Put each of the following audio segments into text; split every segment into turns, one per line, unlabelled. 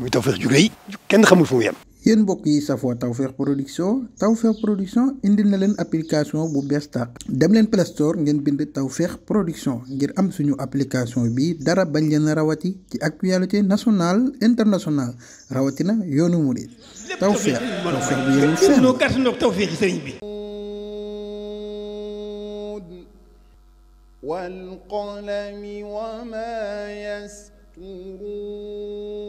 muy
Tawfekh ju rëy
kenn xamul fu mu yem. yéen mbokk yi safoo Tawfekh production Tawfekh production indil na leen application bu bees tàq dem leen Play Store ngeen bind Tawfekh production ngir am suñu application bi dara bañ leen rawati ci actualité nationale internationale rawatina yoonu murid Tawfekh Tawfekh bu yemul fenn bi. wal qalami wa ma yasturuun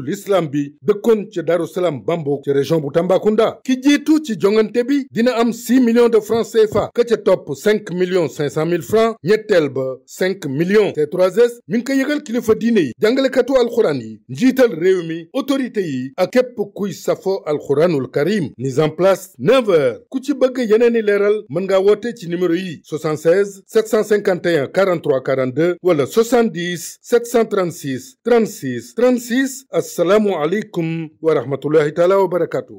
lislaam bi dëkkoon ci Daaru Salaam Bambouk ca région bu Tambacounda ki jiitu ci jongante bi dina am 6 millions de francs CFA ka ca topp 5 millions 500 mille francs ñetteel ba 5 millions c 3 mi ngi ko yëgal kilifa diine yi jàngalekatu alxuraan yi njiital réew mi autorité yi ak képp kuy safo alxuraanul karim mise en place 9 ku ci bëgg yeneen i leeral mën ngaa woote ci numéro yi 76 751 43 42 wala 70 736 36 36 assalaamu aleykum wa rahmatullahi taala wa barakaatu.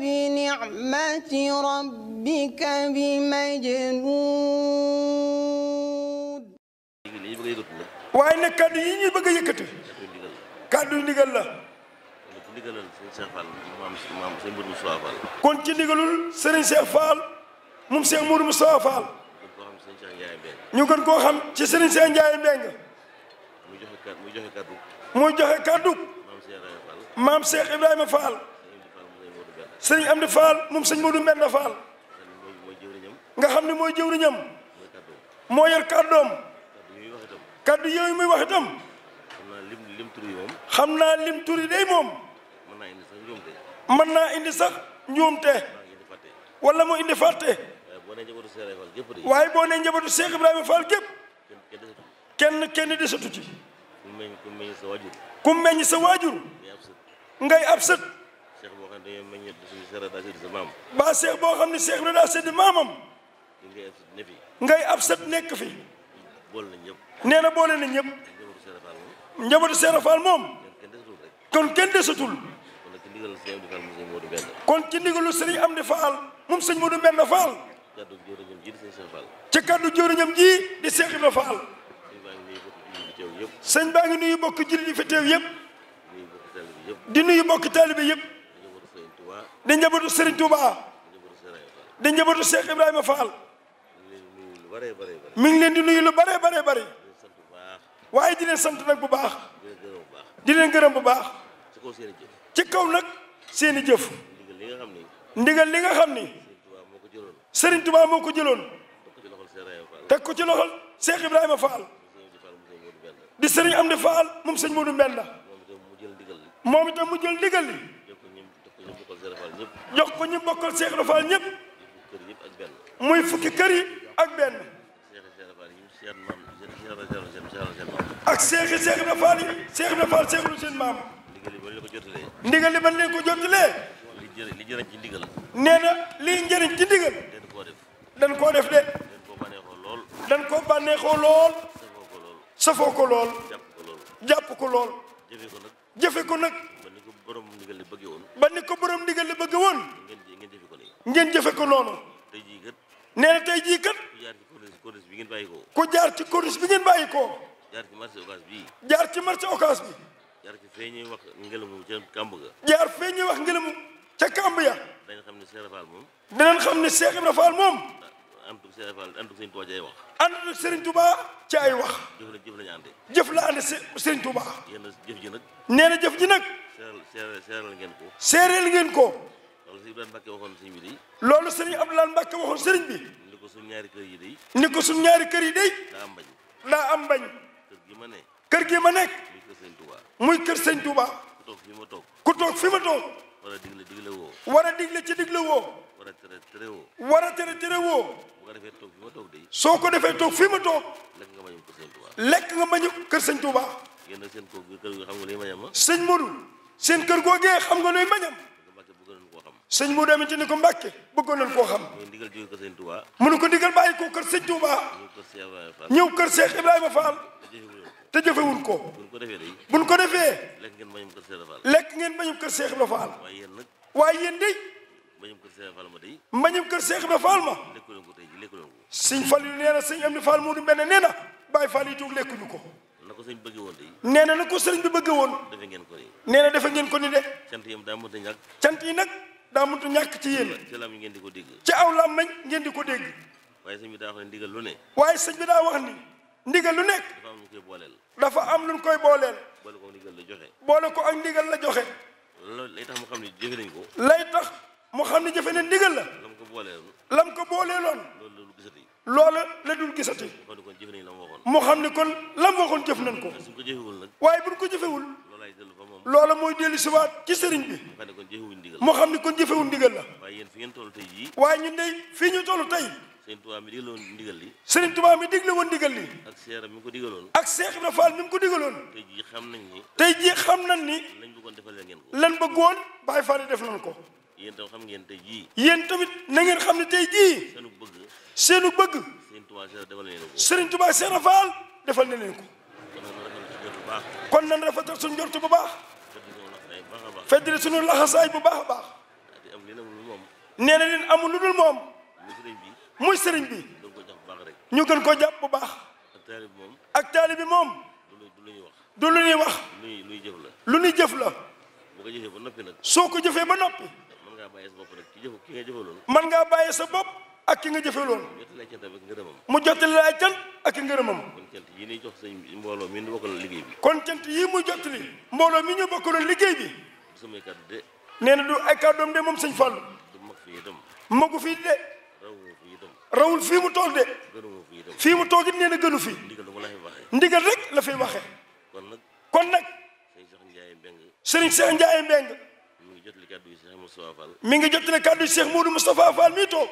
بنعمة ربك بمجنون waaye nag kàddu yi ñuy bëgg a yëkkati kàddu ndigal la kon ci ndigalul
Serigne Cheikh Fall
moom Cheikh Mourou Moustapha Fall ñu gën koo xam ci Serigne Cheikh Ndiaye Mbengue.
muy joxe kaddu muy joxe kaddu.
muy joxe kaddu. maam Cheikh Ibrahima Fall. Serigne Amdi Fall moom a Modou Mbenda Fall. nga xam ne mooy jëwriñam. moo yor kaddoom. kaddu yooyu muy wax itam. xam naa lim turi day moom. mën naa indi sax njuumte. wala mu indi fàtte.
waaye boo nee njabootu Cheikh
Ibrahima Fall gépp kenn kenn desatu ci
ku meññ sa waajur
ku meññ sa waajur
ngay ab sët cheikh boo xam ne meññ daa sedd sa maam
ba cheikh boo xam ne cheikh bi daa sedd maamam
ngay ab sët ne fi
ngay ab sët nekk fi boole na ñëpp nee na boole na ñëpp
njabootu Cheikh Fall
moom kon kenn desatul kon ci ndigalu sëriñ Amdi Fall moom sëñ Modou Mbenda Fall
kaddu jëwriñam ji di Cheikh Fall.
ca kaddu jëwriñam ji di Cheikh Ibra Fall. baa ngi nuyu bokk jullit yi fi teew yëpp. di nuyu bokk taalibe yëpp. di njabootu Serigne Touba. di njabootu Cheikh Ibrahima Fall. mi ngi leen di nuyu lu bare bare bare. waaye di leen sant nag bu baax. di leen gërëm bu baax. ci kaw nag seen i jëf. ndigal li nga xam ni. Serigne Touba moo ko jëloon teg ko ci loxol Cheikh Ibrahima Fall
di Serigne Amdi Fall moom sëñ Modou Mbenda
moom itam mu jël ndigal li
jox ko ñu bokkal Cheikh Ibrahima Fall ñëpp muy fukki kër yi ak benn ak Cheikh Cheikh Ibrahima Fall yi Cheikh Ibrahima Fall Cheikh lu seen
maam ndigal li ban leen ko jotalee
li jëriñ ci ndigal
nee na liy njëriñ ci ndigal safoo ko lool. jàpp ko lool jàpp ko lool. jëfe ko nag jëfe ko nag. ba
ko borom ndigal li bëgg woon.
ba ni ko borom ndigal li bëgg woon.
ngeen jëfe ko nii.
ngeen jëfe ko noonu.
tey jii kat. nee na tey jii kat. ku jaar ci corniche bi ngeen bàyyi ko.
jaar ci corniche bi ngeen bàyyi ko. jaar ci marché occas bi. jaar ci marché occas bi.
jaar ñuy wax ngelamu ca kàmb ga. jaar fee ñuy wax ngelamu ca kàmb ya. danañ xam ne Cheikh Ibra Fall moom. danañ xam ne Cheikh Ibra Fall moom. àndug ah, Cheikh Ibra Fall àndug Sëñ àndul ak Serigne Touba wax. jëf la jëf jëf la ànd Serigne Touba. yéen a jëf nag. nee jëf ji nag. seereel seereel ngeen ko. seereel ngeen ko.
loolu Serigne Abdoulaye Mbacke waxoon sëriñ bi day.
loolu Serigne Abdoulaye sëriñ bi. ni ko suñ ñaari kër yi day. ni ko suñ
ñaari kër yi day. daa am bañ. am bañ.
kër gi ma nekk. kër gi ma nekk. muy kër Serigne Touba. muy kër Serigne Touba. ku toog fi ma toog.
ku toog fi ma toog. war a digle digle woo. war a digle ci digle woo.
a tere terewoo. war a tere terewoo. bu ko de. soo ko defee toog fi ma toog.
lekk nga mañu kër sëñ Touba.
lekk nga mañu kër sëñ Touba. seen kër googu xam nga luy mañam ah.
sëñ Modou seen kër googee xam nga luy mañam. sëñ Modou amati ni ko Mbàkke bëggoon nañ koo xam.
mu ndigal jóge kër sëñ Touba. mu ko ndigal
bàyyi ko kër sëñ Touba.
ñëw kër Cheikh Ibrahima Fall. te ko. buñ ko day. buñ ko defee. lekk ngeen mañum kër Cheikh Ibrahima Fall. lekk
ngeen mañum kër Cheikh Ibrahima Fall. waaye yéen de.
mbañum kër Seex Fall ma day mbañum kër Seex Ibra Fall ma lekkuleen ko tey ji
yu nee na sëñ Amdi Fall Moodu Mbende nee na Baay Fall yi jóg lekkuñu ko
na ko sëñ bi bëggee woon day nee na na
ko sëñ bi bëggee woon defe ngeen ko ni nee na defe ko ni de
cant yi daa mënta ñàkk cant yi nag daa mënta ñàkk ci yéen ci lam ngeen di ko dégg ci aw lam mañ ngeen di ko dégg waaye sëñ bi daa wax ne ndigal lu ne
waaye sëñ bi daa wax ni ndigal lu nekk
dafa am lu koy booleel dafa am lu koy booleel boole ko ak ndigal la joxe
boole ko ak ndigal la joxe
lay tax mu xam ne jëfe nañ ko lay
tax mu xam ne jëfe ne ndigal la
lam ko boolee
lam ko boolee loon loola la dul gisati mu xam ne kon lam waxoon jëf nañ ko waaye buñ ko jëfewul loola mooy dellu siwaat ci sëriñ
bi mu xam ne kon jëfewul ndigal la waaye yéen fi ngeen toll tey jii waaye
ñun dey fii ñu toll tey
sëriñ Tuubaa mi digle woon ndigal li
sëriñ Tuubaa mi digle woon ndigal li
ak seera mi ko digaloon ak Seex Ibra Faal mi ko digaloon tey jii xam nañ ni tey jii xam nañ ni lañ bëggoon defalee ngeen ko lan
bëggoon Baay Faal def nañ ko
yéen tam xam ngeen tey jii.
yéen tamit na ngeen xam ne tey jii. seenu bëgg. seenu bëgg. Serigne Touba Cheikh defal na leen ko. Serigne Touba Cheikh Fall defal na leen ko. kon nan rafetal suñu njort bu baax.
feddali suñu laxasaay
bu baax a baax. nee na leen amul lu dul moom. muy sëriñ bi. ñu gën koo jàpp bu baax. ak taali bi moom.
du lu ñuy wax. lu ñuy jëf la. lu ñuy jëf la. soo ko jëfee ba noppi. ngaa bàyyi sa bopp nag ki jëf ki nga jëfe loolu man ngaa bàyyi
sa bopp ak ki nga jëfe loolu mu jottali la ay cant ak ngërëmam
kon cant yi ñuy jox sëñ bi mbooloo mi ñu bokkaloon liggéey bi
kon cant yi mu jottali mbooloo mi ñu bokkaloon liggéey bi
du samay kàddu de
nee na du ay kàddoom de moom sëñ Fallou du mag fii itam magu fii de rawul fii itam rawul fii mu toog de gënu fii itam fii mu toog it nee na gënu fii ndigal rek la fay kon nag kon nag sëriñ Cheikh mi ngi jottali kàddu yi Cheikh Modou Moustapha Fall mii toog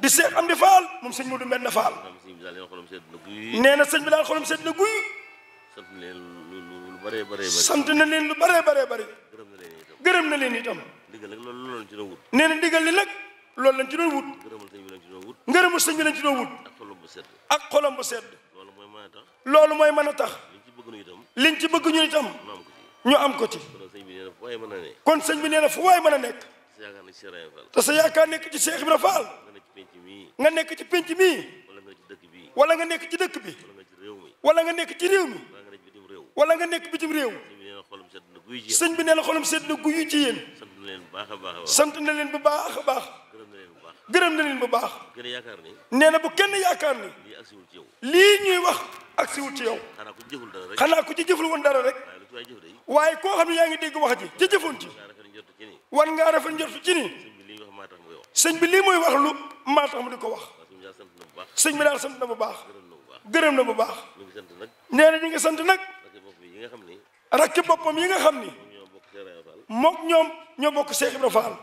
di Cheikh Amdi Fall moom sëñ Modou Mbenn Fall
nee na sëñ bi daal xolam sedd na guy sant na leen
lu bëree bëree bëri gërëm na leen itam
nee
na ndigal li nag loolu lañ ci doon
wut
ngërëmul sëñ bi lañ ci doon wut ak xolam bu sedd loolu mooy mën a tax liñ ci bëgg ñu itam ñu am ko ci. kon sëñ bi nee na fu waay mën a nekk.
te sa yaakaar nekk ci Cheikh Ibrahima Fall.
nga nekk ci penc mii. wala nga nekk ci dëkk bi. wala nga nekk ci réew mi. wala nga nekk bitim réew. sëñ bi nee na xolam sedd na guy ci yéen. sant na leen bu baax a baax. gërëm na leen bu baax.
nee
na bu kenn yaakaar ni. lii ñuy wax agsiwul ci yow. xanaa ku ci jëful woon dara rek. waaye koo xam ne yaa ngi dégg wax ji ci jëfoon ci wan ngaa rafet njortu ci nii sëñ bi lii mooy wax lu maa tax mu di ko wax sëñ bi daal sant na bu baax gërëm na bu baax
nee na ñu ngi sant nag rakki
boppam yi nga xam ni mook ñoom ñoo bokk Cheikh Ibra Fall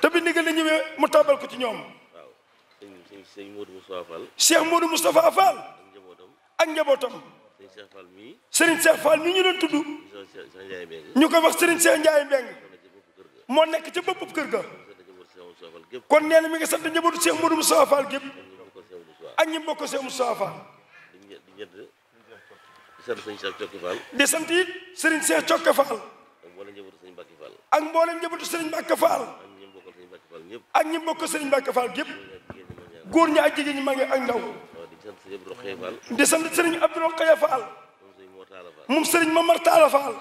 te bi ndigal la ñëwee mu tabal ko ci ñoom
seex Cheikh Modou Moustapha Fall
ak njabootam
Cheikh Fall mii. Serigne Cheikh Fall mii ñu doon tudd. ñu koy wax Serigne Cheikh Ndiaye
Mbengue. moo nekk ca boppam kër ga. kon nee na mi ngi sant njabootu Cheikh Modou Moustapha Fall gépp. ak ñi mbokk Cheikh Moustapha
Fall. di sant Serigne Cheikh Cokke Fall. di sant it Serigne Cheikh Cokke Fall. ak mboolem njabootu Serigne Mbacke Fall. ak mboolem njabootu Serigne Mbacke Fall. ak ñi
mbokk Serigne Mbacke Fall gépp. góor ñi ak jigéen ñi maa ak ndaw.
di
sant sëriñ Abdou Rokhaya Fall moom sëriñ Mamar Talla Fall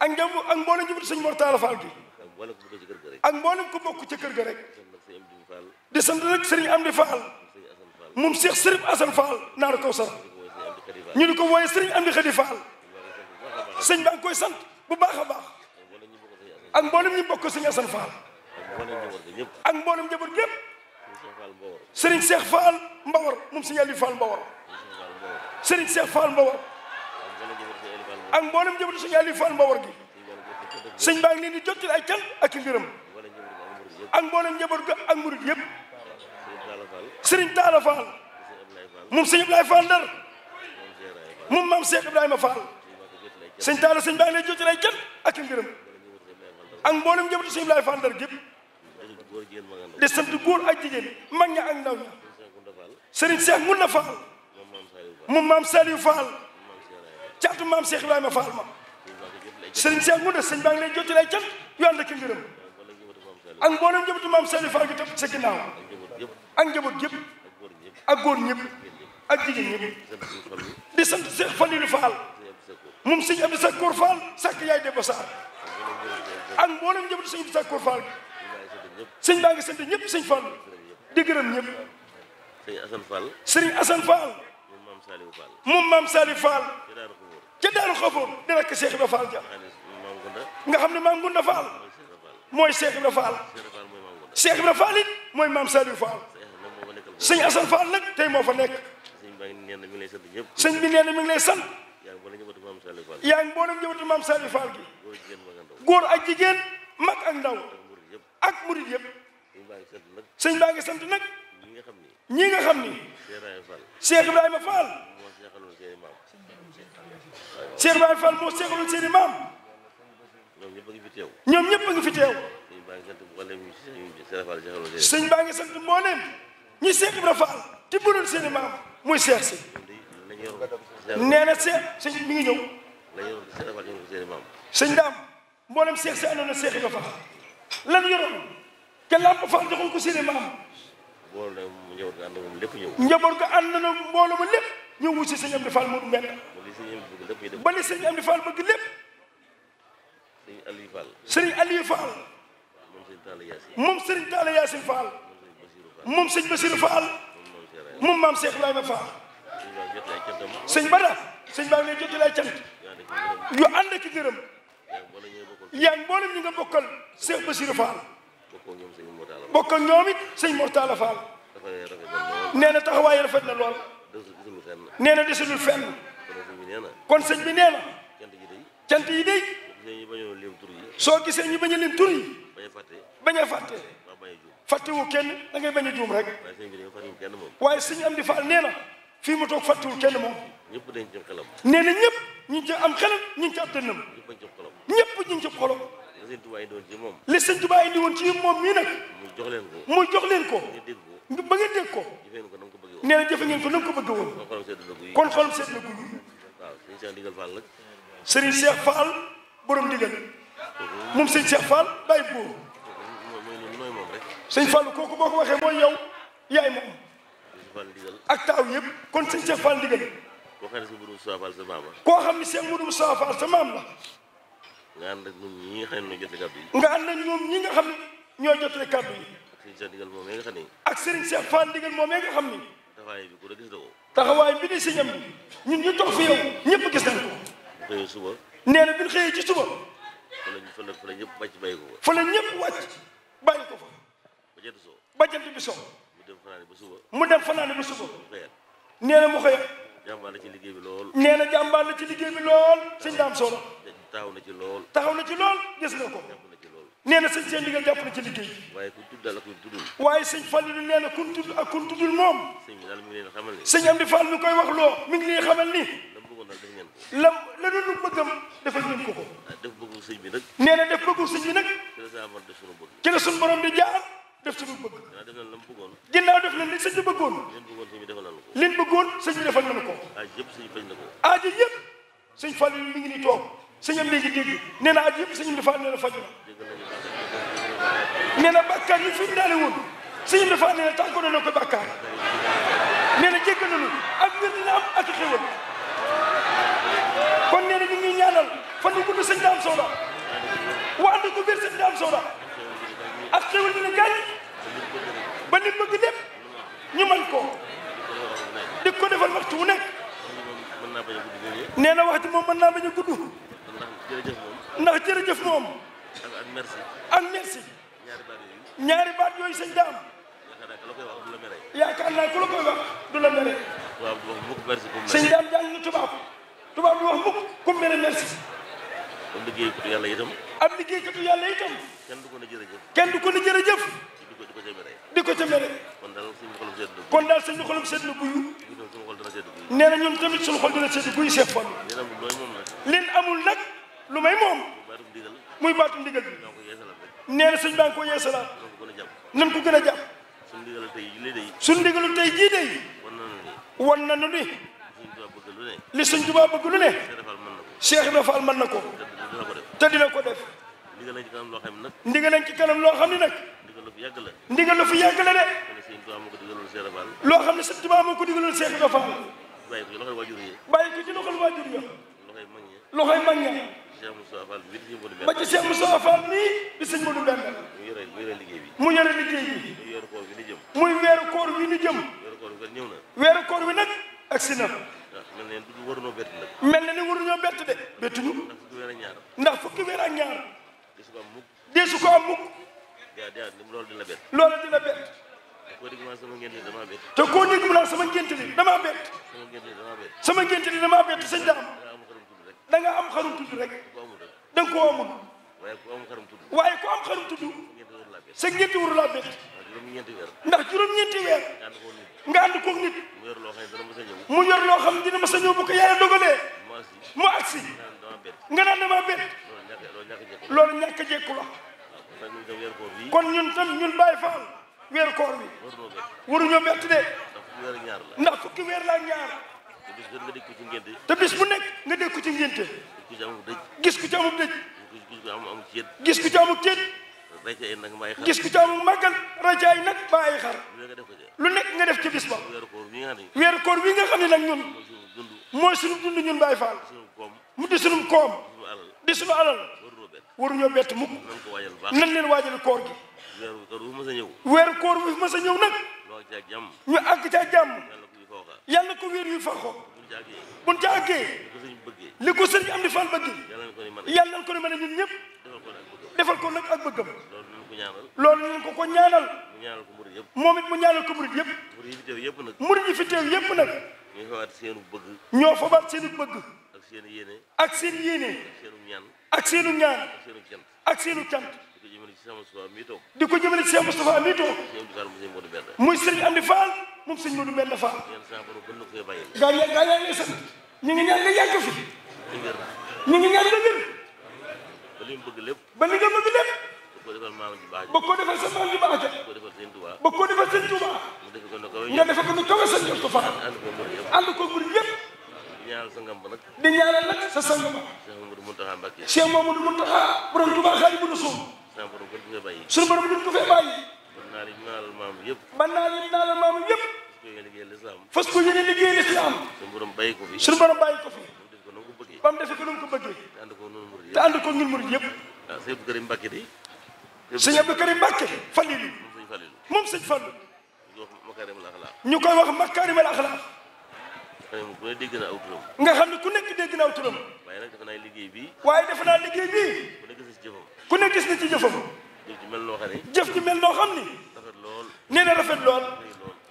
ak njab ak mboolem njabootu sëriñ Mor Talla Fall gi ak mboolem ku bokk ci kër ga rek di sant rek sëriñ Amdi Fall moom Cheikh Sëriñ Assane Fall naar ko sar ñu di ko wooye sëriñ Amdi Khady Fall sëñ baa ngi koy sant bu baax a baax ak mboolem ñu bokk sëriñ Assane Mbawar moom sëñ Aliou Fall Mbawar sëriñ Cheikh Fall Mbawar ak mboolem jëbatu sëñ Aliou Fall Mbawar gi sëñ baa ngi leen di jottil ay cant ak ngërëm ak mboolem njaboot ga ak murid yëpp sëriñ Talla Fall moom sëñ Ablaye Fall Ndar moom maam Cheikh Ibrahima Fall sëñ ay cant ak ngërëm ak mag ña ak ndaw ña Serigne Cheikh mun na Fall moom maam Saliou Fall caatu maam Cheikh Ibrahima Fall ma Serigne Cheikh mun na sëñ baa ngi lay jottali ay cant yu ànd ak ngërëm ak mboolem njabootu maam Saliou Fall gi topp sa ginnaaw ak njaboot yëpp ak góor ñëpp ak jigéen ñëpp di sant Cheikh Falilou Fall moom sëñ Abdou Sakkour Fall sàkk yaay de Bassar ak mboolem njabootu sëñ Abdou Sakkour Fall sëñ baa ngi sant ñëpp sëñ Fall di gërëm ñëpp.
sëriñ Assane Fall. sëriñ Assane Fall. moom maam Saliou Fall.
moom maam Saliou Fall.
ca Daaru Xafoor.
ca Daaru Xafoor di rakk Cheikh Ibra Fall ja. nga xam ne maam Gunda Fall. mooy Cheikh Ibra Fall. Cheikh Ibra Fall it mooy maam Saliou Fall. sëñ Assane Fall nag tey moo fa nekk.
sëñ bi nee na mi ngi lay sant ñëpp. sëñ bi nee na maam Saliou Fall. yaa ngi boole
njabootu maam Saliou Fall gi. góor ak mag ak ndaw. ak murid yëpp.
ñii nga xam ni Cheikh Ibrahima Fall Cheikh Ibrahima Fall moo seexaloon seen i maam ñoom ñëpp a ngi fi teew ñoom ñëpp a ngi fi teew sëñ baa ngi
sant mbooleem ñi Cheikh Ibrahima Fall te bëroon seen i maam muy seex si
nee na seex
sëñ mi ngi ñëw sëñ daam mboolem seex si àndoon na Cheikh Ibrahima Fall lan yoroon te lamp Fall joxoon ko seen i maam
mbooloo nag
njaboot ga ànd na moom lépp ñëw njaboot ga ànd na mbooloo ma lépp ñëw wu si sëñ Amdi Fall Modou Mbend
ba li sëñ Amdi Fall bëgg lépp sëñ
Aliou Fall sëñ Aliou Fall moom sëñ Talla Yacine Fall moom sëñ Bassirou Fall moom maam Cheikh Ibrahima Fall sëñ Bada sëñ Ba ne jot lay cant yu ànd ak gërëm yaa ngi mboolem ñu nga bokkal Cheikh Bassirou Fall bokk ak ñoom it sëñ Mortala Fall nee na taxawaay rafet na lool nee na desulul fenn
kon sëñ bi nee na cant yi day soo
gisee ñu bañ a lim tur yi bañ a fàtte fàttewu kenn da ngay bañ a juum rek waaye sëñ Amdi Fall nee na fi mu toog fàttewul kenn moom nee na ñëpp ñu ngi ci am xelam ñu ngi ci ab dënnam
ñëpp ñu ngi ci xolam sëñ Tuubaa indi woon moom li sëñ Tuubaa
indi woon ci moom mii nag
mu jox leen ko mu
jox leen ko nga ba ngeen dégg ko
nee na jëfe ngeen ko na nga ko bëgg woon kon xolam seet na guy waaw sëñ Cheikh Ndigal Fall nag sëriñ Cheikh Fall borom ndigal moom sëñ Cheikh Fall bàyyi boobu mooy moom rek sëñ Fall kooku boo
ko waxee mooy yow yaay moom ak taaw yëpp kon sëñ Cheikh Fall ndigal
koo xam ne sëñ Modou Moustapha Fall sa maam la koo xam ne
sëñ Modou Moustapha sa maam la
nga ànd ak ñoom ñi nga xam ne ñoo jotale kàddu yi. nga
ànd ak ñoom ñi nga xam ne ñoo jotale
ak Serigne Cheikh ne. ak Serigne Cheikh Fall Ndigal
moom nga xam ne.
la gis
la ñun ñu toog fi yow ñëpp gis nañ ko.
fa la fa la fa la ñëpp wàcc bàyyi ko fa.
fa la ñëpp wàcc bàyyi ba jant soo. ba jant bi soo.
mu dem fanaane ba suba.
mu dem fanaane ba suba. nee na mu xëyat.
jàmbaar la ci liggéey bi lool.
nee na jàmbaar la ci liggéey
taxaw na ci lool. taxaw na
ci lool gis nga ko. nee na sëñ seen liggéey jàpp na ci liggéey bi.
waaye ku tuddal ak ku tuddul.
waaye sëñ Fallilu nee na ku bi daal
mi ngi leen xamal ni. sëñ Amdi Fall mi koy wax loo mi ngi xamal ni. def
la doon bëggam defal ngeen ko
ko. Ah, def na def bëggul sëñ bi nag. ci la di jaar def sunu bëgg. ginnaaw def nañ lam bëggoon. ginnaaw def ko.
liñ bëggoon sëñ bi defal nañu ko.
aaj
yëpp sëñ bi sëñ am léegi dégg nee na aj yëpp sëñ am dafa nee na faju na yi fi daale woon sëñ am dafa nee na tànko ko bàkkaar nee na jégg nañu ak wér ak xéwal kon nee na ñaanal fan bu gudd sëñ daam sooda wa ànd ko wér sëñ daam sooda ak xéwal dina gaañ ba nit bëgg lépp ñu man ko di ko defal waxtu wu nekk nee na waxtu moom mën naa bañ a gudd
jërëjëf moom. ndax jërëjëf moom. ak ak merci. ak merci. ñaari baat
yooyu. ñaari baat yooyu sëñ daam.
yaakaar naa ku la koy wax du la mere. waaw bu wax mukk merci comme merci. sëñ
daam jàng na tubaab tubaab bi wax mukk ku mere merci.
am liggéeykatu yàlla itam. am liggéeykatu yàlla itam. kenn du ko ne jërëjëf. kenn du ko ne jërëjëf. di ko ca mere. kon daal suñu xolum sedd na. kon daal suñu xolum sedd na buyu. nee na ñun tamit suñu xol dina sedd buyu seet fon.
leen amul nag. lu may moom muy baatum ndigal bi nee na sëñ baa ngi ko yeesalaat nan ko gën a jàpp suñ ndigalu tey jii day wan na nu ni li sëñ Tuubaa bëgg lu ne Cheikh Ibra Fall mën na ko te dina ko def ndigal nañ ci kanam loo xam ne nag
ndigal nañ ci kanam loo xam ne nag ndigal lu fi yàgg la ndigal lu fi yàgg la de loo xam ne
sëñ Tuubaa moo ko digaloon Cheikh Ibra Fall
bàyyi ko ci loxol waajur yi
bàyyi ko ci loxol waajur yi
loxoy mag ña ba ci Cheikh Moussa Fall weeru
koor wi fi mas a ñëw nag. ñu àgg ca jàmm. yàlla ko wéer yu fa ko. buñ ca àggee.
li ko sëriñ am di Fall bëgg. yàlla
na ko ni mën a ñun ñëpp. defal ko nag ak bëggam. loolu nañ ko ko ñaanal. moom it mu ñaanal ko murit yëpp.
murit yi fi teew yëpp nag. ñoo fabaat seenu bëgg. ñoo fabaat seenu bëgg. ak seen yéene. ak seen yéene. ak seenu ñaan. ak seenu ñaan. ak seenu cant. di ko jëmale ci Cheikh Moustapha mii toog muy sëriñ Amdi Fall moom sëñ Modou Mbenda Fall
gaa yi gaa yaa ngi sant ñu ngi ñaan nga yàgg fi ñu ngi ñaan nga ngir
ba li nga bëgg lépp ba li nga bëgg lépp ba ko defal sa maam ju baax ja ba ko defal sëñ Touba nga defe ko nu kawe sëñ Jot ko Fall ànd ko mbir yëpp di ñaanal sa ngam ba nag di ñaanal nag sa sang ba Cheikh Mamadou Mountakha Mbacké Cheikh Mamadou Mountakha borom Touba Xaadimu Rasuul sama borom gën ko fee bàyyi. sunu borom gën ko fee bàyyi. mën naa leen naalal ko yéene ba mu defee ko noonu ko bëggee. te ànd ko
noonu murid yëpp te
ànd ko ñun ah, Fallilu. moom sëñ Fallilu. ñu koy wax makaarim al nga xam ne ku nekk dégg na aw waaye nag defe naa liggéey bi waaye defe naa liggéey bii. ku ne gis na ci jëfam. ku ne gis na ci jëfam. jëf ji mel noo xam ni. rafet
lool. nee rafet lool.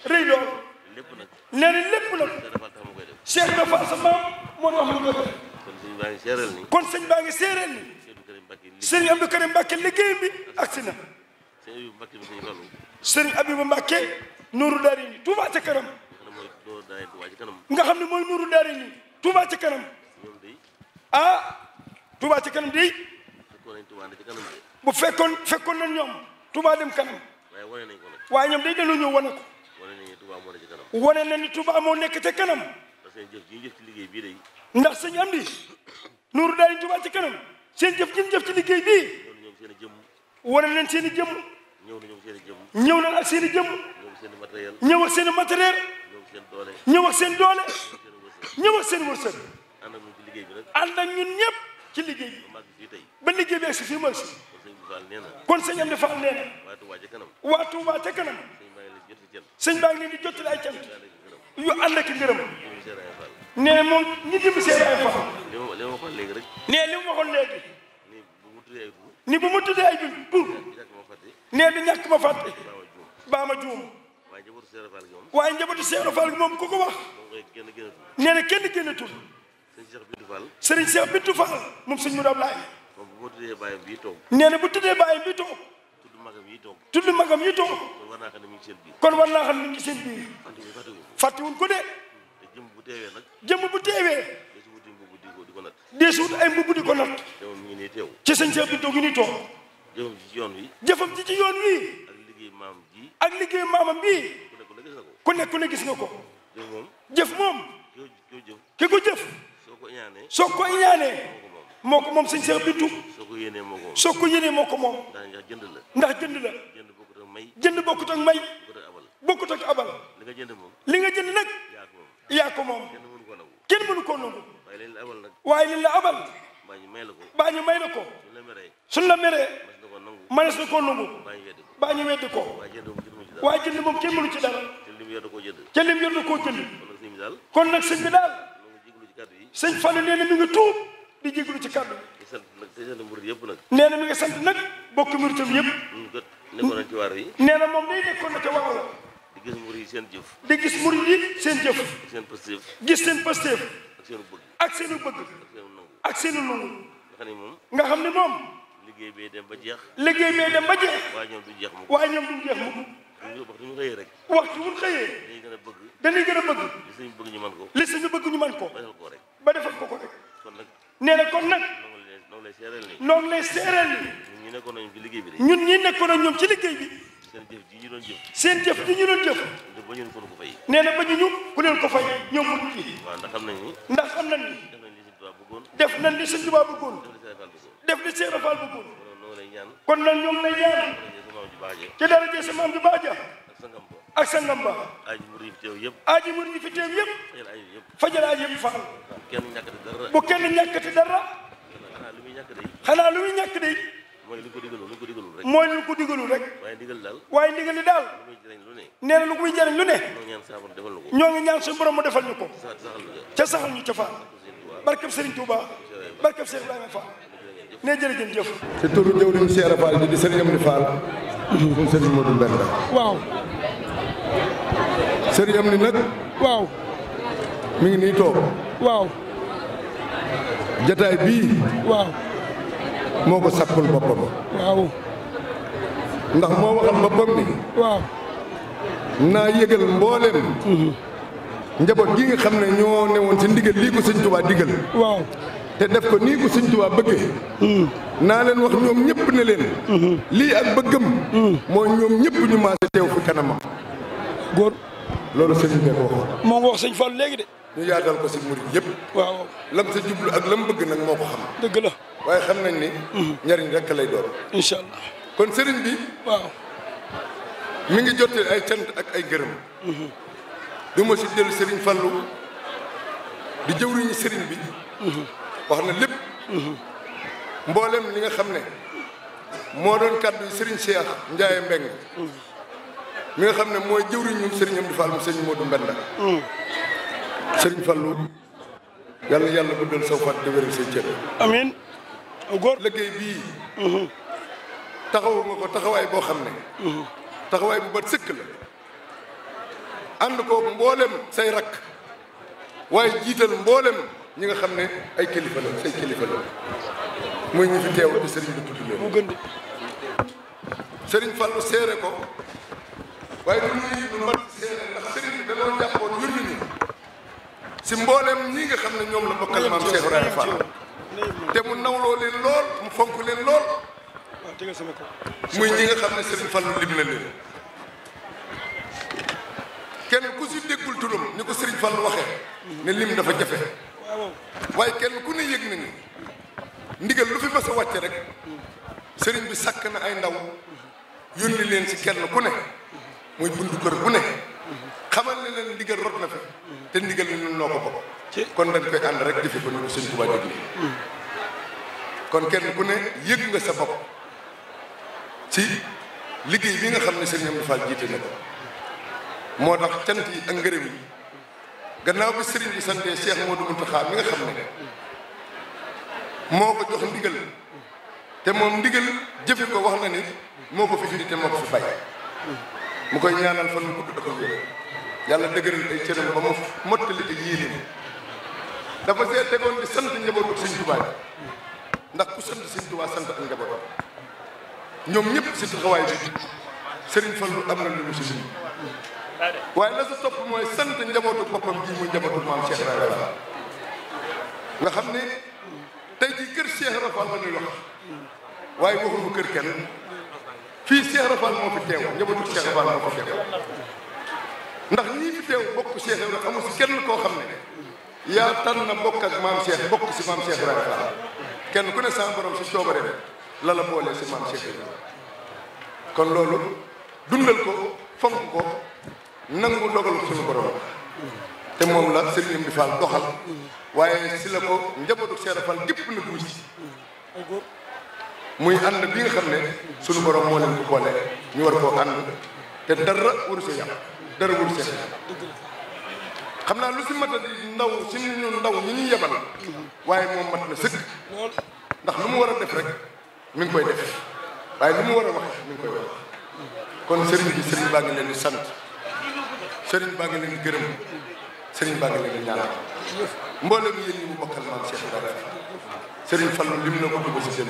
rëy lool. lépp nag. nee lépp nag.
Cheikh Ibra Fall sa maam
moo tax mu koy def.
kon sëñ baa ngi séeréel ni. kon
sëñ baa ngi séeréel ni.
sëñ Abdou Karim Mbacke liggéey
bi agsi na. sëñ Abibou Mbacke Nourou Darini Touba ca kanam. nga xam ne mooy Nourou Darini Touba ca kanam. ah Touba ci kanam di bu fekkoon fekkoon nañ ñoom Touba dem kanam waaye ñoom day dañoo ñëw wane ko wane na ni Touba moo nekk ca kanam ndax sëñ am di nuuru daal di Touba ci kanam seen jëf ji jëf ci liggéey bii wane nañ seen i jëmm ñëw nañ ak seen i jëmm ñëw ak seen i matériel ñëw ak seen doole ñëw ak seen wërsëg ànd ak ñun ñëpp ci liggéey
bi ba liggéey
bi ak si fii mooy si
kon sëñ am di faal nee na
waa Touba ca kanam sëñ baa ngi leen di jottali ay cant yu ànd ak ngërëm nee moom ñi dimb seen ay faal
li ma waxoon léegi rek nee li ma waxoon léegi ni bu mu tuddee ay bi bu nee du ñàkk ma fàtte baa ma juum waaye njabootu Seex Faal gi moom ku ko wax
nee na kenn génnatul sëriñ Cheikh Bintou Fall moom sëñ Modou Ablaye.
kon boo tuddee bàyyam bii toog. nee na bu tuddee bàyyam bii yi toog. tudd magam yi toog. kon war naa xam ne mi ngi seen biir. kon war naa xam ne mi ngi
seen biir. fàttiwuñ ko de.
te jëmm bu teewee nag. jëmm bu wut ay mbubb di ko natt. te moom mi ngi nii teew. ci sëñ Cheikh Bintou ngi nii toog. jëfam ji ci yoon wi. jëfam
ji ci yoon wi. ak
liggéey maam ji.
ak liggéey maamam bii. ku nekk ku ne gis nga ko. jëf moom. jëf moom. ki ko jëf.
soo ko ñaanee
moo ko moom sëñ Cheikh Bintou
soo ko yéenee moo moom soo ko yéenee moo ko moom ndax jënd la ndax jënd la jënd bokkut ak may jënd bokkut ak may
bokkut ak abal li nga jënd moom li nga jënd nag yaa ko moom kenn mënu koo nangu
waaye li la abal nag
waaye li la abal
baa ñu may la ko baa
ñu may la ko suñ la meree
mënees na koo nangu
baa ñu weddi ko waaye jënd moom kenn mënu ci dara te lim yor da koo jënd kon nag sëñ bi daal kaddu yi sëñ Fallou nee na mi ngi tuub di jégalu ci kaddu yi.
di sant nag di sant murit yëpp nag.
nee na mi ngi sant nag bokk muritam yëpp. ñun
kat nekkoon nañ ci waar yi.
ca waar la.
di gis seen jëf. di gis murit yi seen jëf. gis seen ak seenu bëgg. ak seenu bëgg. ak seenu nga xam ne moom. nga xam ne moom. liggéey bee dem ba jeex. liggéey bee dem ba jeex. waaye ñoom duñ jeex mukk. waaye ñoom duñ jeex mukk. waxtu wuñ xëyee rek. waxtu wuñ xëyee. a dañuy gën a bëgg. li suñu bëgg ñu man ko. li suñu bëgg ñu man ko. ba defal ko ko rek. nee na kon nag. noonu lay seereel nii. noonu lay seereel nii. ñun nekkoon nañu liggéey bi de. ñun ñi nekkoon nañu ñoom ci liggéey bi. seen jëf ji ñu doon jëf.
seen jëf ji ñu doon jëf.
ko ko
fay. na ba ñu ñu ku leen ko fay ñoom mu ndax xam nañ ni. ndax xam
nañ ni. def nañ li sëñ Tuubaa bëggoon. def li Seex Faal bëggoon. kon nag ñoom lay ñaan. ci dara jee
sa maam ju ja.
ak sangam ba. aji mur yi fi teew yëpp. aji mur yi fi teew yëpp. fajal aji yëpp. fajal aji yëpp faal. bu kenn ñàkkati dara. bu kenn ñàkkati dara. xanaa lu muy ñàkk de. xanaa lu muy mooy lu ko digalul lu ko digalul rek. mooy lu ko digalul rek. waaye ndigal daal. waaye
ndigal li daal. lu
muy jëriñ lu ne. nee na lu muy jëriñ ñoo ngi ñaan sa borom defal ñu ko. ñoo
ngi ñaan suñu borom mu defal ñu ko. ca saxal ñu ca faal. barkab Serigne Touba barkab Serigne Ibrahima Fall. nee jërëjëf jëf.
ci turu jëwriñ Cheikh Fall di Serigne Amady Fall. sëriñ Modou Mbenda. waaw. sëriñam ni nag. waaw. mi ngi nii toog. waaw. jataay bii. waaw. moo ko sàkkul boppam. waaw. ndax moo waxal boppam ni. waaw. naa yëgal mboolem. Mhm. njaboot gi nga xam ne ñoo woon si ndigal lii ko sëñ Tuubaa digal. waaw te def ko nii ko sëñ Tuubaa bëggee. Mhm. naa leen wax ñoom ñëpp ne leen. Mhm. lii ak bëggam. mooy ñoom ñëpp ñu maase teew fi kanamam. loolu sëriñ bi ko wax.
moo wax sëñ Fall léegi de.
ñu yaatal ko si murid yëpp. waaw lam sa jublu ak lam bëgg nag moo ko xam. dëgg la waaye xam nañ ni. Mhm. njariñ rek lay doon. incha allah kon sëriñ bi. waaw. mi ngi jottali ay cant ak ay gërëm. Mhm. du ma si dellu sëriñ Fallu di jëwriñu sëriñ bi. Mhm. wax na lépp. mboolem li nga xam ne moo doon kàddu sëriñ Cheikh Ndiaye Mbengue. mi nga xam ne mooy jëwriñu Serigne Amdi Fall mu Serigne Modou Mbenda hmm. Serigne Fallou yàlla yàlla guddal saw fat te wéral say cër
amiin góor
liggéey bii hmm. taxawu ko taxawaay boo xam ne hmm. taxawaay bu bat sëkk la ànd ko mboolem say rakk waaye jiital mboolem ñi nga xam ne ay kilifa la say kilifa la muy ñi fi teew sëriñ bi tudd leen sëriñ Fallou seere ko waaye du nuyu ñu mën seere ndax sëriñ bi dañoo jàppoon wir ñu si mboolem ñi nga xam ne ñoom la bokkal maam Cheikh Ibrahima Fall te mu nawloo leen lool mu fonk leen lool muy ñi nga xam ne sëriñ Fallu lim na leen kenn ku si déggul turam ni ko sëriñ Fallu waxee ne lim dafa jafe waaye kenn ku ne yëg na ni ndigal lu fi mas a wàcce rek sëriñ bi sàkk na ay ndaw yónni leen si kenn ku ne muy buntu kër bu ne xamal ne leen ndigal rot na fi te ndigal li ñun noo ko bokk kon dañ koy ànd rek jëfe ko ñu Sëñ Tuubaa digle kon kenn ku ne yëg nga sa bopp ci liggéey bi nga xam ne Sëñ Amdi Fall jiite na ko moo tax cant yi ak ngërëm yi gannaaw bi sëriñ bi santee Cheikh Modou Mountakha mi nga xam ne moo ko jox ndigal te moom ndigal jëfe ko wax na ni moo ko fi indi te moo ko fi bàyyi mu koy ñaanal fan mu gudd dafa wér yàlla dëgëral ay cëram ba mu mottali ay yéene dafa see tegoon di sant njabootu Sëñ Tuubaa ndax ku sant Sëñ Tuubaa sant ak njabootam ñoom ñëpp si taxawaay bi Sëriñ Fallu am na lu mu si suñu waaye la sa topp mooy sant njabootu boppam ji muy njabootu maam Cheikh Rafal nga xam ne tey jii kër Cheikh Rafal la ñuy wax waaye waxuñu kër kenn. fii Cheikh Rafal moo fi teew njabootu Cheikh Rafal moo fi teew ndax ñii fi teew bokk Cheikh Ibrahima amul si kenn xam ne yaa tànn na bokk ak maam Cheikh bokk kenn ku ne sa borom si coobare la la boolee si maam Cheikh Ibrahima kon loolu dundal ko fonk ko nangu dogal ko suñu borom
te moom la sëriñam di Fall
doxal waaye si la ko njabootu Cheikh Rafal gépp na duus muy ànd bi nga xam ne su suñu borom moo leen ko boole ñu war koo ànd te dara waru see yàq dara waru see xam naa lu si mat ndaw si ñu ndaw ñi ñuy yebal waaye moom mat na sëkk ndax lu mu war a def rek mi ngi koy defe waaye lu mu war a wax mi ngi koy wax kon sëriñ bi sëriñ baa ngi leen sant sëriñ baa ngi leen di gërëm sëriñ baa ngi leen di mboolem yéen ñi mu bokkal maam Cheikh Ibrahima Serigne Fallou lim na ko dugg si seen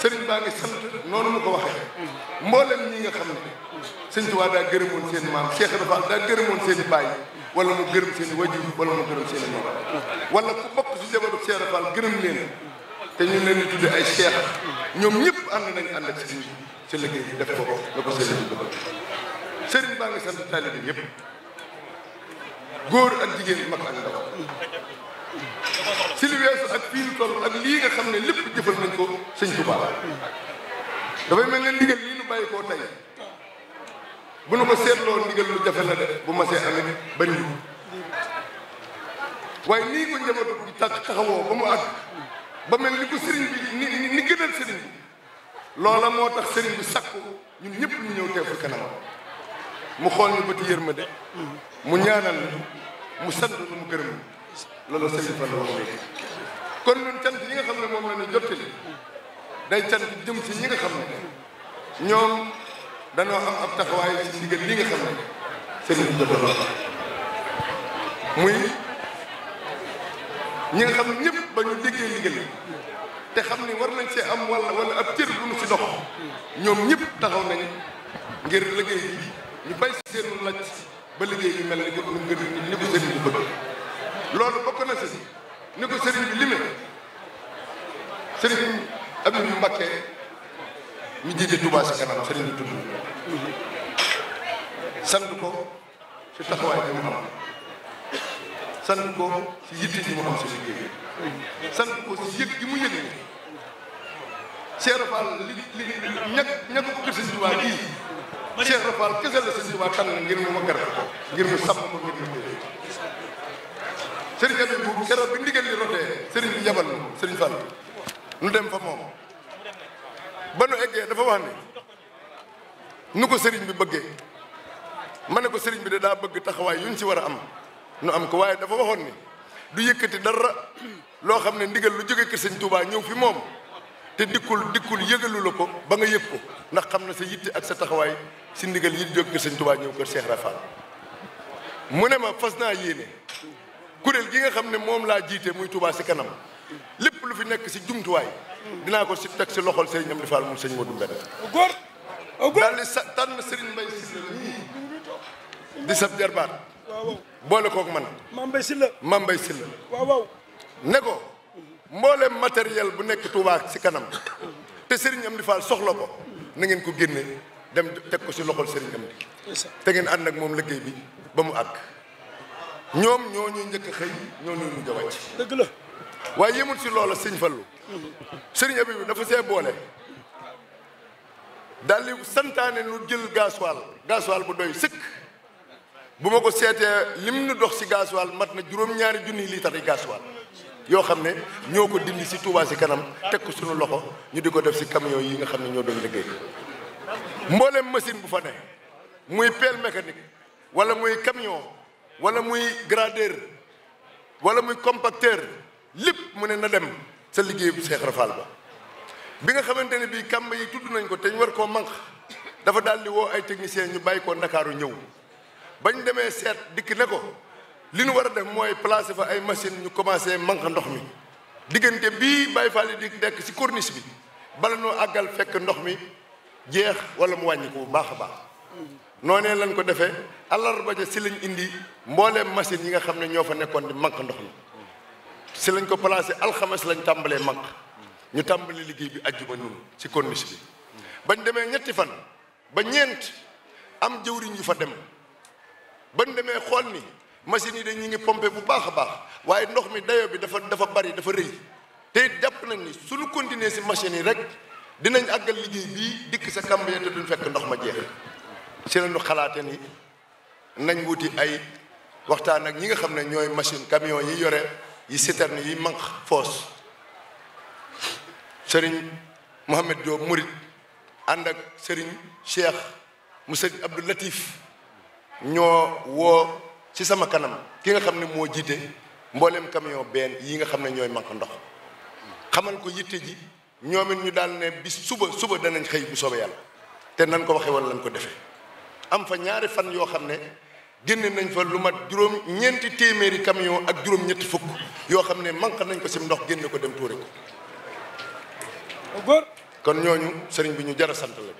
Serigne baa ngi sant noonu mu ko waxee mboolem ñi nga xam ne Sëñ Tuubaa daa gërëmoon seen maam Cheikh Ibrahima daa gërëmoon seen baay wala mu gërëm seen wajur wala mu gërëm seen maam wala ku bokk si jabaru Cheikh Ibrahima gërëm leen te ñu leen di tudde ay cheikh ñoom ñëpp ànd nañ ànd ak si si liggéey bi def ko na ko seen liggéey bi Serigne baa ngi sant taalibe yëpp góor ak jigéen mag ak ndaw si li weesu ak fii lu ak lii nga xam ne lépp jëfal nañ ko sëñ Tuubaa dafay mel ne ndigal lii nu bàyyi koo tey bu nu ko seetloo ndigal lu jafe la def bu ma see amee bari waaye nii ko njabootu di tàkk taxawoo ba mu àgg ba mel ni ko sëriñ bi ni ni gënal sëriñ bi loola moo tax sëriñ bi sakku ñun ñëpp ñu ñëw teefu kanam mu xool ñu bëti yërmande mu ñaanal mu sant lu mu gërëm loolu sëriñ Fall wax léegi kon yi nga xam ne moom la ñu jottali day cant jëm ci ñi nga xam ne ñoom dañoo am ab taxawaay ci nga xam ne sëriñ bi jot wax xam ne ba ñu déggee ndigal te xam ni war nañ see am wala wala ab cër bu ci dox ñoom ñëpp taxaw nañ ngir liggéey bi ñu bay seenu laj ba liggéey bi mel ni ko ngir ni ko sëriñ bi bëgg loolu bokk na si ni ko sëriñ bi lime sëriñ Abdou Mbacké ñu jiite Touba ci kanam sëriñ bi tudd sant ko ci taxawaay bi mu am sant ko ci yitte ji mu am ci liggéey sant ko ci yëg gi mu yëg ni Cheikh Fall li ñag ñag ko kër Sëriñ Touba gii Cheikh Rafal kese la sëñ Tuubaa tànn ngir mu màggal ko ngir mu sàmm ko ngir sëriñ Abib bu keroog bi ndigal nu dem fa moom ba eggee dafa wax ko sëriñ bi bëggee ma ne ko sëriñ bi de daa bëgg taxawaay yuñ ci war a am nu am ko waaye dafa waxoon ni du yëkkati dara loo xam ne ndigal lu jóge kër sëñ Tuubaa ñëw fi moom te dikkul dikkul yëgalu ko ba nga yëg ko ndax xam na sa yitte ak sa taxawaay si ndigal yi jóg kër sëñ Tuubaa ñëw kër Cheikh Rafal mu ne ma fas naa yéene kuréel gi nga xam ne moom laa jiite muy Tuubaa si kanam lépp lu fi nekk si jumtuwaay dinaa ko si teg si loxol sëriñ Amdi Fall moom sëñ Modou Mbène góor daal di sa tànn sëriñ Mbay Sylla di sab jarbaat boole kook man Mame Mbay si la Mbay si waaw waaw mboolem matériel bu nekk Touba ci kanam te Serigne Amdi Fall soxla ko na ngeen ko génne dem teg ko ci loxool Serigne Amdi ànd ak moom liggéey bi ba mu àgg ñoom ñoo ñuy njëkk a ñoo ñuy mujj a wàcc dëgg la waaye yemul ci loola Serigne Fallou Serigne Abibou dafa see boole daal di santaane nu jël gasoil gasoil bu doy sëkk bu ma ko seetee li lim nu dox ci gasoil mat na juróom-ñaari junniy litre yi gasoil yoo xam ne ñoo ko dindi si Touba si kanam teg ko suñu loxo ñu di ko def si camion yi nga xam ne ñoo doon liggéey mboolem machine bu fa ne muy pelle mécanique wala muy camion wala muy gradeur wala muy compacteur lépp mu ne na dem sa liggéey bu Seex Rafaal ba bi nga xamante ne bii kàmb yi tudd nañ ko te ñu war koo manq dafa daal di woo ay techniciens ñu bàyyi koo ndakaaru ñëw bañ demee seet dikk ne ko li nu war a def mooy placer fa ay machine ñu commencé manque ndox mi diggante bii Baye Fall di nekk ci corniche bi bala noo àggal fekk ndox mi jeex wala mu wàññiku ko bu baax a baax noonee lañ ko defee àllarba ja ci lañ indi mbooleem machine yi nga xam ne ñoo fa nekkoon di manque ndox mi ci lañ ko placé alxames lañ tàmbalee manque ñu tàmbali liggéey bi ajjuma ñun ci corniche bi bañ demee ñetti fan ba ñeent am jëwriñ yi fa dem bañ demee xool ni machines yi dañu ngi pompe bu baax a baax waaye ndox mi dayoo bi dafa dafa bari dafa rëy te jàpp nañ ni suñu continuer si machines yi rek dinañ àggal liggéey bii dikk sa kamb te duñ fekk ndox ma jeex si lañu xalaate ni nañ wuti ay waxtaan ak ñi nga xam ne ñooy machine camion yi yore yi citerne yi manq foos sëriñ Mohamed Diop Murit ànd ak sëriñ Cheikh mu sëriñ Abdou ñoo woo ci sama kanam ki nga xam ne moo jiite mbooleem camion benn yi nga xam ne ñooy manque ndox xamal ko yitte ji ñoom ñu daal ne bis suba suba danañ xëy bu soobee yàlla te nañ ko waxee woon lañ ko defee am fa ñaari fan yoo xam ne génne nañ fa lu mat juróom ñeenti téeméeri camion ak juróom ñetti fukk yoo xam ne manque nañ ko si ndox génne ko dem tuure ko kon ñooñu sëriñ bi ñu jar a sant la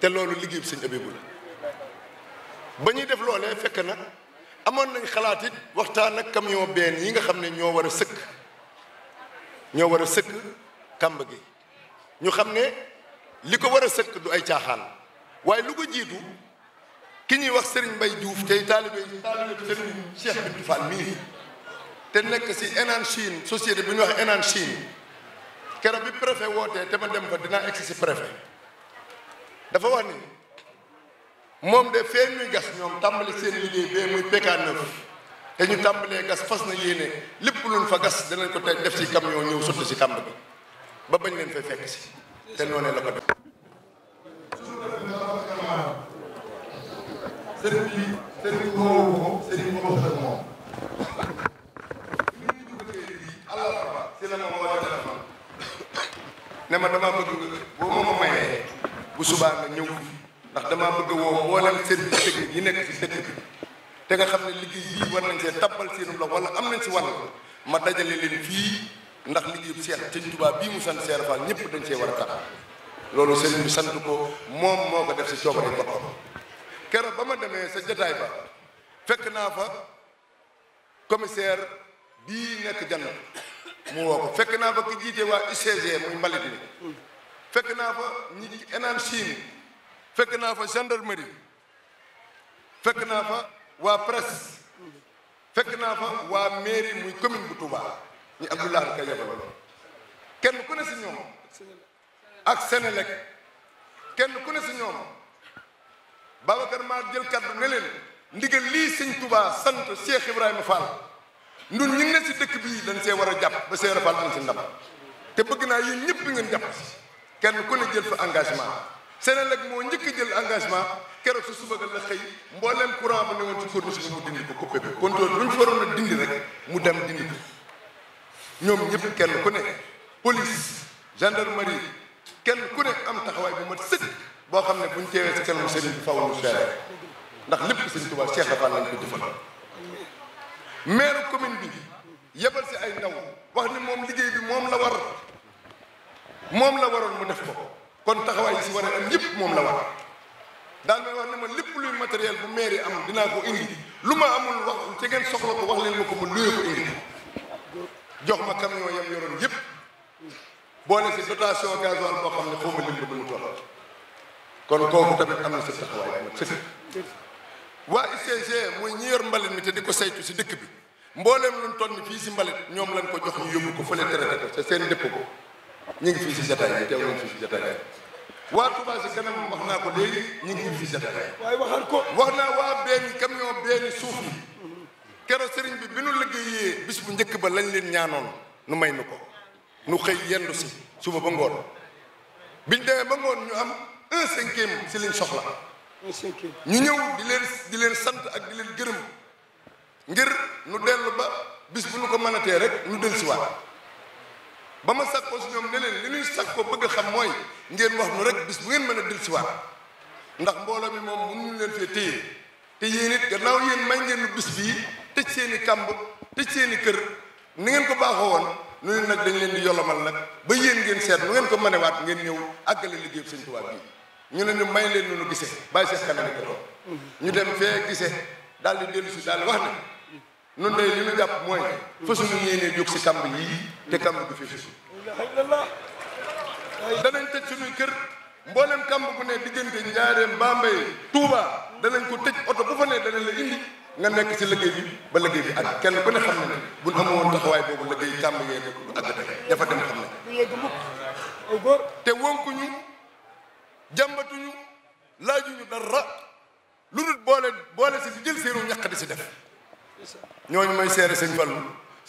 te loolu liggéey bi sëñ Abibu la ba ñuy def loolee fekk na amoon nañ xalaat it waxtaan ak kam camion benn yi nga xam ne ñoo war a sëkk ñoo war a sëkk kàmb gi ñu xam ne li ko war a sëkk du ay caaxaan waaye lu ko jiitu ki ñuy wax sëriñ Mbaye juuf tey taalibe taalibe Serigne Cheikh Ibou Fall mii te nekk si Enan Chine société bi ñuy wax Enan Chine keroog bi préfet wootee te ma dem ko dinaa egsi si préfet dafa wax ni moom de fee ñuy gas ñoom tàmbali seen liggéey bee muy PK9 te ñu tàmbalee gas fas na yéene lépp luñ fa gas danañ ko def ci camion ñëw sotti ci kàmb bi ba bañ leen fay fekk si te noonee la ko def. ñu dugg si la ma woo téléphone. ne ma damaa bëgg boo ma mayee bu subaa nga ñëw. ndax damaa bëgg a woo mboolem service technique yi nekk ci dëkk te nga xam ne liggéey yii war nañ see tabbal seenu loxo wala am nañ si wàll ma dajale leen fii ndax liggéeyu Seex Sëñ Tuubaa bii mu sant seer Faal ñëpp dañ see war a tax loolu sëriñ bi sant ko moom moo ko def si coobare boppam keroog ba ma demee sa jataay ba fekk naa fa commissaire bii nekk jànn mu woo ko fekk naa fa ki jiite waa UCG muy mbalit mi fekk naa fa ñi ci enaan Chine fekk naa fa gendarmerie fekk naa fa waa presse fekk naa fa waa mairie muy commune bu Touba ñu Abdoulaye Ka yabaloon kenn ku ne si ñoom ak Sénélec kenn ku ne si ñoom Babacar maa jël kàddu ne leen ndigal lii sëñ Touba sant Cheikh Ibrahima Fall ñun ñu ngi ne si dëkk bii dañ see war a jàpp ba Cheikh Fall am si ndam te bëgg naa yéen ñëpp ngeen jàpp kenn ku ne jël fa engagement. Senelec moo njëkk jël engagement keroog su suba la xëy mbooleem courant bu ne woon ci corniche bi mu dindi ko coupé bi contrôle lu ñu fa waroon a dindi rek mu dem dindi ko ñoom ñëpp kenn ku ne police gendarmerie kenn ku ne am taxawaay bu mat sëkk boo xam ne bu ñu teewee si kanamu sëriñ bi faaw ñu seere ndax lépp sëriñ Tuubaa Cheikh Ibra Fall lañ ko defal maire commune bi yebal si ay ndaw wax ni moom liggéey bi moom la war moom la waroon mu def ko. kon taxawaay yi si war a am yépp moom la war daal may wax ne ma lépp luy matériel bu mairie am dinaa ko indi lu ma amul wax ci ngeen soxla ko wax leen ma ko ma luye ko indi jox ma camion yam yoroon yëpp boole si dotation gasoil boo xam ne xaw ma lim ba mu toll kon kooku tamit am na si taxawaay ma sëkk waa UCG mooy ñi yor mbalit mi te di ko saytu si dëkk bi mbooleem luñ toll ni fii si mbalit ñoom lañ ko jox ñu yóbbu ko fële traité ko sa seen dëpp ko ñu ngi fii si jataay bi teew nañ fii si jataay waa Touba si kanam wax naa ko léegi ñu ngi fii si jataay waaye waxal ko wax naa waa benn camion benn suuf bi keroog sëriñ bi bi nu liggéeyee bis bu njëkk ba lañ leen ñaanoon nu may nu ko nu xëy yendu si suba ba ngoon biñ demee ba ngoon ñu am un cinquième si lañ soxla ñu ñëw di leen di leen sant ak di leen gërëm ngir nu dell ba bis bu nu ko mënatee rek nu dellusiwaat ba ma sàkkoo si ñoom ne leen li ñuy sàkkoo bëgg xam mooy ngeen wax nu rek bis bu ngeen mën a dil siwaat ndax mbooloo mi moom mënuñu leen fee téye te yéen it gannaaw yeen may ngeen bis bii tëj seen i kàmb tëj seen i kër ni ngeen ko baaxoo woon nu ne nag dañ leen di yolomal nag ba yéen ngeen seet nu ngeen ko waat ngeen ñëw àggale liggéeyam sëñ Tuubaa bi ñu ne ñu may leen nu nu gisee bàyyi seen kanam ko ñu dem fee gisee daal di dellu si daal wax ne nun day li ñu jàpp mooy fa suñu yéenee jóg si kamb yii te kamb du fi fi danañ tëj suñuy kër mboolem kamb bu ne diggante njaareem Bambey Touba danañ ko tëj oto bu fa ne danañ la indi nga nekk si liggéey bi ba liggéey bi ak kenn ku ne xam ne bu ñu amoon taxawaay boobu liggéey kamb yee du àgg tey dafa dem xam ne te wonkuñu jàmbatuñu laajuñu dara lu dul boole boole si jël seeru ñàkk di si def ñooñu may seere sëñ Fallu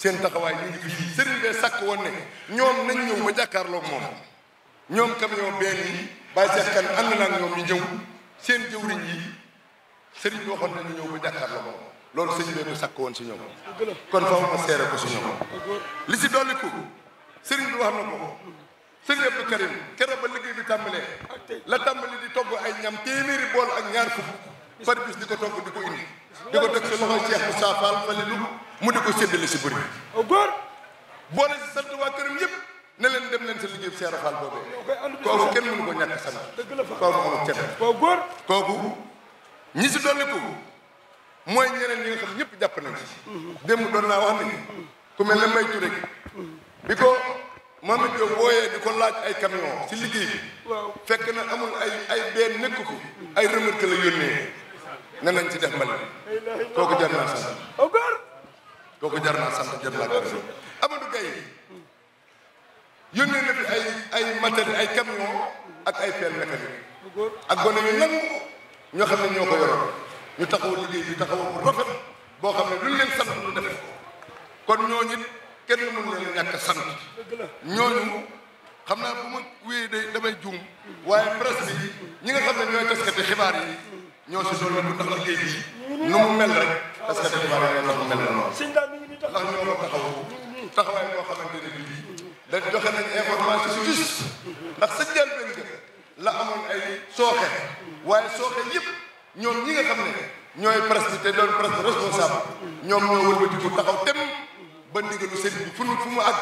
seen taxawaay ñu sëriñ bee sàkk woon ne ñoom nañ ñëw ma jàkkaarloog moom ñoom camion benn yi bàyyi seex kan ànd naa ñoom ñu ñëw seen jëwriñ yi sëriñ bi waxoon nañu ñëw ma jàkkaarloog moom loolu sëñ bee ko sàkk woon si ñoom kon faw ma seere ko si ñoom li si dolliku sëriñ bi wax na ko sëriñ Abdou Karim keroog ba liggéey bi tàmbalee la tàmbali di togg ay ñam téeméeri bool ak ñaar fukk par bis di ko togg di ko indi di ko teg si loxoy Cheikh Moussa Fall Falilou mu di ko séddale si bëri. góor boole si sant waa këram yëpp ne leen dem leen sa liggéey bu Cheikh Fall boobee. kooku kenn mënu ko ñàkk a sant. dëgg la ko kooku amul kenn. waaw góor kooku ñi si dolli ko mooy ñeneen ñi nga xam ñëpp jàpp nañ ci. démb doon naa wax ni ku mel ne Mbaye bi ko Mohamed Diop wooyee di ko laaj ay camion si liggéey bi. waaw fekk na amul ay ay benn nekk ko ay remercié la yónnee. nan lañ ci def mbal kooku jar naa sant kooku jar naa sant jar naa gërëm Amadou Gaye yónnee na fi ay ay matériel ay camion ak ay pelle mécanique ak gone yu nangu ñoo xam ne ñoo ko yoroon ñu taxaw liggéey bi taxaw bu rafet boo xam ne luñ leen sant lu def kon ñooñu kenn mënu leen ñàkk sant ñooñu xam naa bu ma wéyee day damay juum waaye presse bi ñi nga xam ne ñooy taskati xibaar yi ñoo si doon yëngu ndax liggéey bii nu mu mel rek parce que dafa bari rek mu mel na noonu
ndax ñoo
ko taxaw taxawaay boo xamante ne bii dañ joxe nañ information juste ndax sa jël benn la amoon ay sooxe waaye sooxe yëpp ñoom ñi nga xam ne ñooy presse te doon presse responsable ñoom ñoo wëlbati ko taxaw tem ba ndigalu sëriñ bi fu mu fu mu àgg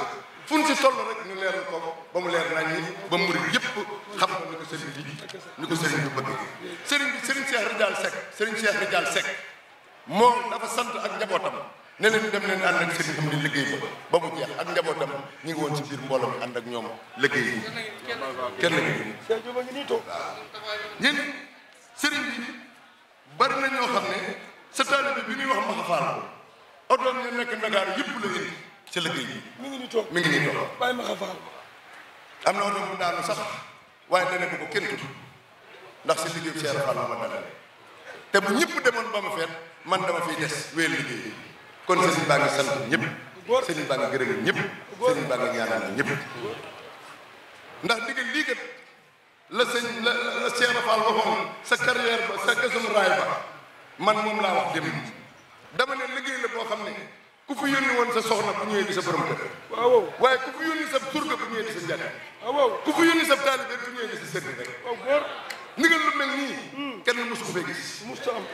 fu ñu si toll rek ñu leeral ko ba mu leer nañ ñi ba murid yëpp xam nga ñu ko sëriñ bi ñu ko sëriñ bi bëgg sëriñ bi sëriñ Cheikh Ridial Seck sëriñ Cheikh Ridial Seck moom njabootam ne leen dem leen ànd ak liggéey ba ba mu jeex ak njabootam ñu ngi woon si biir mbooloo mi ànd ak ñoom liggéey bi kenn
gi
ñun sëriñ bi bari na ñoo xam ne sa taalibe bi ñuy wax Mbaxa oo otoom ñu nekk Ndakaaru yëpp la ci liggéey bi mi ngi nii toog mi ngi nii toog am na oto bu daanu sax waaye dana bu ko kenn tudd ndax si liggéey Cheikh ma ñëpp demoon ba ma man dama fiy des liggéey kon sëriñ baa ngi ñëpp sëriñ baa ngi ñëpp sëriñ baa ngi ñaanal ñëpp la sa carrière ba sa gësum raay man moom laa wax dem dama ne liggéey la boo xam ne ku fi yónni woon sa soxna bu ñëwee di sa borom kër waaw waaye ku fi yónni sa surga bu ñëwee di sa njàkk waaw ku fi yónni sa taalibe bu ñëwee di sa sëriñ rek waaw góor ndigal lu mel nii hmm. kenn mosu ko fee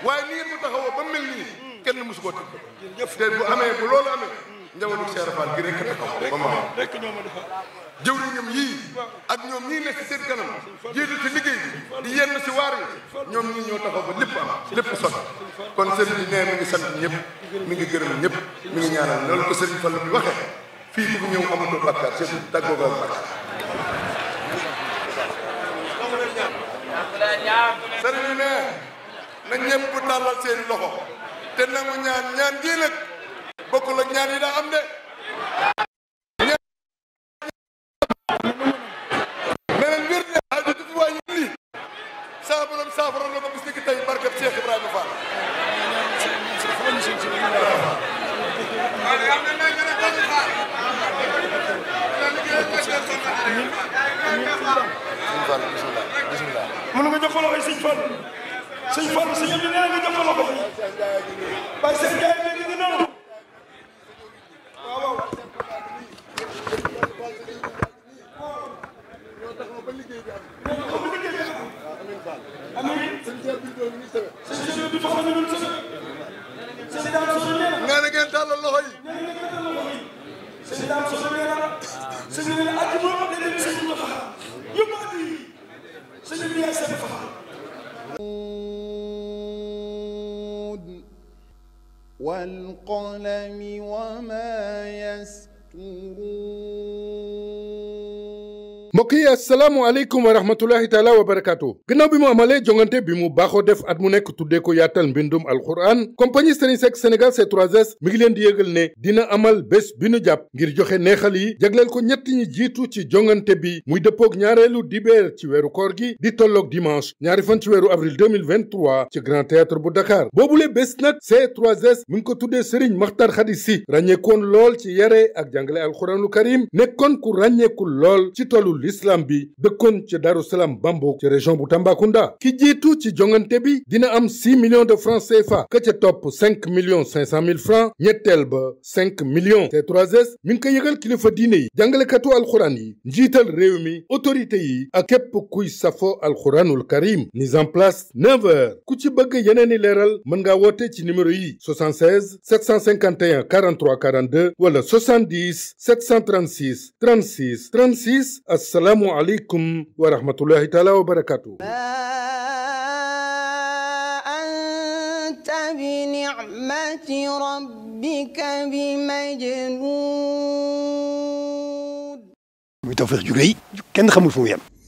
waaye ni ngeen taxawoo ba mel nii hmm. kenn mosu koo tëdd te bu amee bu loolu amee njawalug Cheikh Rafal gi rek taxaw ba ma rek ñoo ma defal jëwriñam yii ak ñoom ñii nekk seen kanam jiitu ci liggéey di yenn si waar yi ñoom ñii ñoo taxaw ba lépp am lépp sot kon sëriñ bi nee mi ngi sant ñëpp mi ngi gërëm ñëpp mi ngi ñaanal loolu ko sëriñ Fallu bi waxee fii ku fi ñëw amatul bàkkaar sëriñ bi tàggoo ko bàkkaar sëriñ bi nee na ñëpp bu seen loxo te nangu ñaan ñaan gii nag bokkul ñaan yi daa am de
assalaamualeykum wa rahmatullahi taala wa barakaatu gannaaw bi mu amalee jongante bi mu baaxoo def at mu nekk tuddee ko yatal mbindum alquran compagnie Serigne Seck Sénégal C3S mi ngi leen di yëgal ne dina amal bés bi nu jàpp ngir joxe neexal yi jagleel ko ñett ñi jiitu ci jongante bi muy dëppoog ñaareelu dibeer ci weeru koor gi di tolloog dimanche ñaari fan ci weeru avril 2023 ci grand théâtre bu Dakar boobule bés nag C3S mi ngi ko tuddee Serigne Makhtar Khady Sy ràññeekoon lool ci yare ak jàngale alquranul karim nekkoon ku ràññeeku lool ci tollu l'islam lislaam bi dëkkoon ca Daaru Salaam Bambok ca région bu Tambacounda ki jiitu ci jongante bi dina am 6 millions de francs CFA ka ca topp 5 millions 500 mille francs ñetteel ba 5 millions C3S mi ngi ko yëgal kilifa diine yi jàngalekatu alxuraan njiital réew mi autorité yi kuy safo alxuraanul karim mise en place heures ku ci bëgg yeneeni leeral mën ngaa woote ci numéro wala assalaamu asalaamualeykum wa rahmatullahi taala wa barakaatu.
بنعمة ربك بمجنون muy Tawfekh ju rëy
kenn xamul fu mu yem